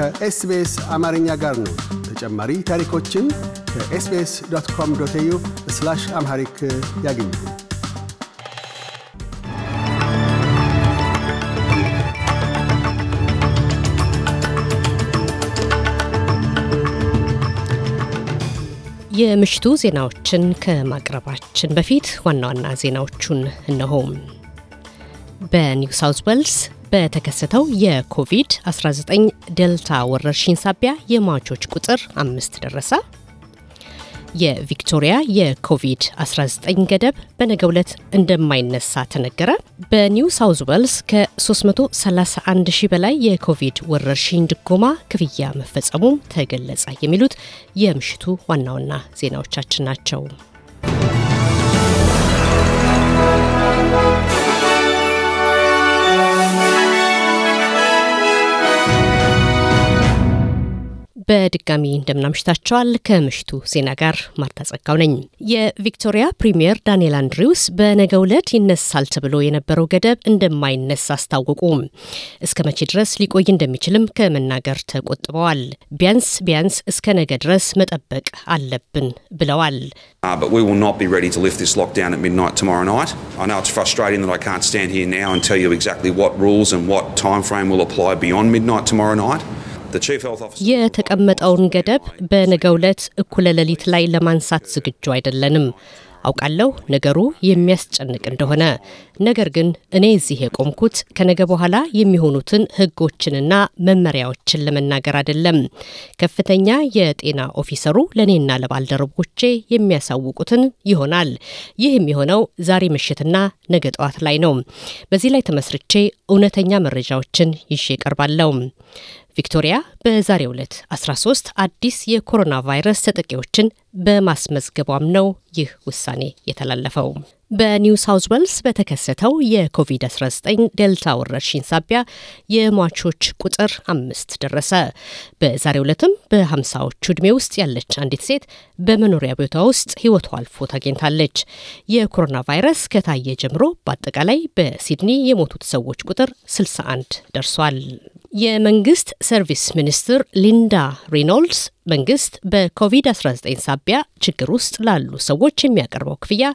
ከኤስቢኤስ አማርኛ ጋር ነው። ተጨማሪ ታሪኮችን ከኤስቢኤስ ዶት ኮም ዶት ስላሽ አምሃሪክ ያገኙ። የምሽቱ ዜናዎችን ከማቅረባችን በፊት ዋና ዋና ዜናዎቹን እነሆም። በኒው ሳውት ዌልስ በተከሰተው የኮቪድ-19 ዴልታ ወረርሽኝ ሳቢያ የሟቾች ቁጥር አምስት ደረሰ። የቪክቶሪያ የኮቪድ-19 ገደብ በነገው ዕለት እንደማይነሳ ተነገረ። በኒው ሳውዝ ዌልስ ከ331 ሺህ በላይ የኮቪድ ወረርሽኝ ድጎማ ክፍያ መፈጸሙም ተገለጸ። የሚሉት የምሽቱ ዋና ዋና ዜናዎቻችን ናቸው። በድጋሚ እንደምናምሽታቸዋል። ከምሽቱ ዜና ጋር ማርታ ጸጋው ነኝ። የቪክቶሪያ ፕሪምየር ዳንኤል አንድሪውስ በነገ ውለት ይነሳል ተብሎ የነበረው ገደብ እንደማይነስ አስታወቁ። እስከ መቼ ድረስ ሊቆይ እንደሚችልም ከመናገር ተቆጥበዋል። ቢያንስ ቢያንስ እስከ ነገ ድረስ መጠበቅ አለብን ብለዋል። uh, የተቀመጠውን ገደብ በነገው ዕለት እኩለ ሌሊት ላይ ለማንሳት ዝግጁ አይደለንም። አውቃለሁ ነገሩ የሚያስጨንቅ እንደሆነ። ነገር ግን እኔ እዚህ የቆምኩት ከነገ በኋላ የሚሆኑትን ህጎችንና መመሪያዎችን ለመናገር አይደለም። ከፍተኛ የጤና ኦፊሰሩ ለእኔና ለባልደረቦቼ የሚያሳውቁትን ይሆናል። ይህ የሚሆነው ዛሬ ምሽትና ነገ ጠዋት ላይ ነው። በዚህ ላይ ተመስርቼ እውነተኛ መረጃዎችን ይዤ እቀርባለሁ። ቪክቶሪያ በዛሬው ዕለት 13 አዲስ የኮሮና ቫይረስ ተጠቂዎችን በማስመዝገቧም ነው ይህ ውሳኔ የተላለፈው። በኒው ሳውዝ ዌልስ በተከሰተው የኮቪድ-19 ዴልታ ወረርሽኝ ሳቢያ የሟቾች ቁጥር አምስት ደረሰ። በዛሬው ዕለትም በሀምሳዎቹ ዕድሜ ውስጥ ያለች አንዲት ሴት በመኖሪያ ቤቷ ውስጥ ሕይወቷ አልፎ ታገኝታለች። የኮሮና ቫይረስ ከታየ ጀምሮ በአጠቃላይ በሲድኒ የሞቱት ሰዎች ቁጥር 61 ደርሷል። የመንግስት ሰርቪስ ሚኒስትር ሊንዳ ሪኖልድስ መንግስት በኮቪድ-19 ሳቢያ ችግር ውስጥ ላሉ ሰዎች የሚያቀርበው ክፍያ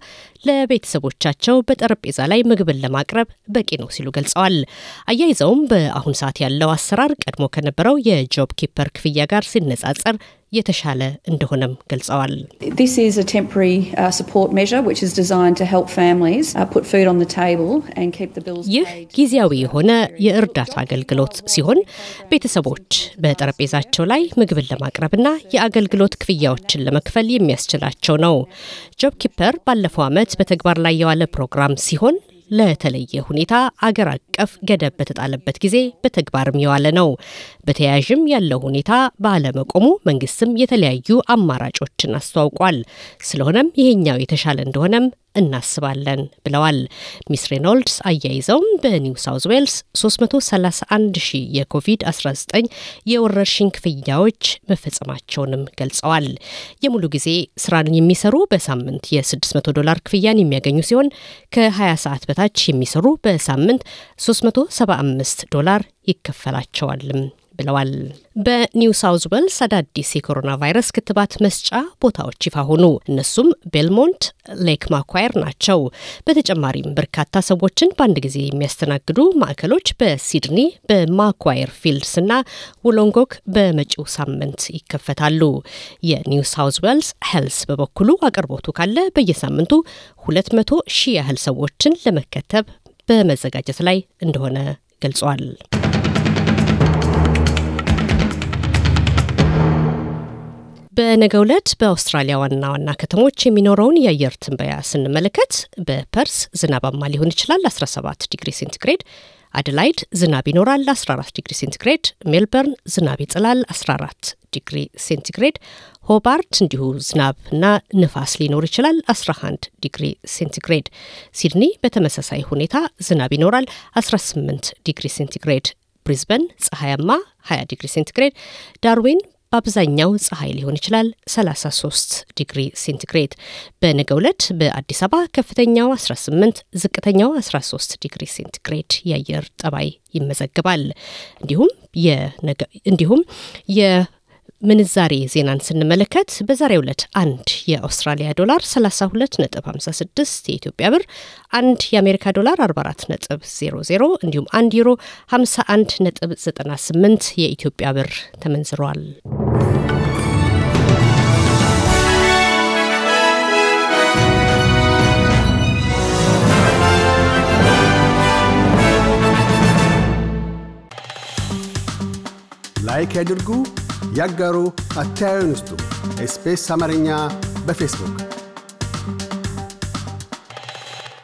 ለቤተሰቦቻቸው በጠረጴዛ ላይ ምግብን ለማቅረብ በቂ ነው ሲሉ ገልጸዋል። አያይዘውም በአሁን ሰዓት ያለው አሰራር ቀድሞ ከነበረው የጆብ ኪፐር ክፍያ ጋር ሲነጻጸር የተሻለ እንደሆነም ገልጸዋል። uh, uh, ይህ ጊዜያዊ የሆነ የእርዳታ አገልግሎት ሲሆን ቤተሰቦች በጠረጴዛቸው ላይ ምግብን ለማቅረብና የአገልግሎት ክፍያዎችን ለመክፈል የሚያስችላቸው ነው። ጆብ ኪፐር ባለፈው ዓመት በተግባር ላይ የዋለ ፕሮግራም ሲሆን ለተለየ ሁኔታ አገር አቀፍ ገደብ በተጣለበት ጊዜ በተግባርም የዋለ ነው። በተያያዥም ያለው ሁኔታ ባለመቆሙ መንግስትም የተለያዩ አማራጮችን አስተዋውቋል። ስለሆነም ይሄኛው የተሻለ እንደሆነም እናስባለን ብለዋል። ሚስ ሬኖልድስ አያይዘውም በኒው ሳውዝ ዌልስ 331 ሺህ የኮቪድ-19 የወረርሽኝ ክፍያዎች መፈጸማቸውንም ገልጸዋል። የሙሉ ጊዜ ስራን የሚሰሩ በሳምንት የ600 ዶላር ክፍያን የሚያገኙ ሲሆን ከ20 ሰዓት በታች የሚሰሩ በሳምንት 375 ዶላር ይከፈላቸዋልም ብለዋል። በኒው ሳውዝ ዌልስ አዳዲስ የኮሮና ቫይረስ ክትባት መስጫ ቦታዎች ይፋ ሆኑ። እነሱም ቤልሞንት፣ ሌክ ማኳየር ናቸው። በተጨማሪም በርካታ ሰዎችን በአንድ ጊዜ የሚያስተናግዱ ማዕከሎች በሲድኒ በማኳየር ፊልድስ እና ውሎንጎክ በመጪው ሳምንት ይከፈታሉ። የኒው ሳውዝ ዌልስ ሄልስ በበኩሉ አቅርቦቱ ካለ በየሳምንቱ 200 ሺህ ያህል ሰዎችን ለመከተብ በመዘጋጀት ላይ እንደሆነ ገልጿል። በነገ ዕለት በአውስትራሊያ ዋና ዋና ከተሞች የሚኖረውን የአየር ትንበያ ስንመለከት በፐርስ ዝናባማ ሊሆን ይችላል 17 ዲግሪ ሴንቲግሬድ፣ አደላይድ ዝናብ ይኖራል 14 ዲግሪ ሴንቲግሬድ፣ ሜልበርን ዝናብ ይጥላል 14 ዲግሪ ሴንቲግሬድ፣ ሆባርት እንዲሁ ዝናብና ንፋስ ሊኖር ይችላል 11 ዲግሪ ሴንቲግሬድ፣ ሲድኒ በተመሳሳይ ሁኔታ ዝናብ ይኖራል 18 ዲግሪ ሴንቲግሬድ፣ ብሪዝበን ፀሐያማ 20 ዲግሪ ሴንቲግሬድ፣ ዳርዊን በአብዛኛው ፀሐይ ሊሆን ይችላል 33 ዲግሪ ሴንቲግሬድ። በነገ ዕለት በአዲስ አበባ ከፍተኛው 18፣ ዝቅተኛው 13 ዲግሪ ሴንቲግሬድ የአየር ጠባይ ይመዘግባል። እንዲሁም እንዲሁም ምንዛሬ ዜናን ስንመለከት በዛሬ ዕለት አንድ የአውስትራሊያ ዶላር 32.56 የኢትዮጵያ ብር፣ አንድ የአሜሪካ ዶላር 44.00 እንዲሁም አንድ ዩሮ 51.98 የኢትዮጵያ ብር ተመንዝሯል። ላይክ ያድርጉ፣ ያጋሩ፣ አስተያየትዎን ይስጡ። ኤስፔስ አማርኛ በፌስቡክ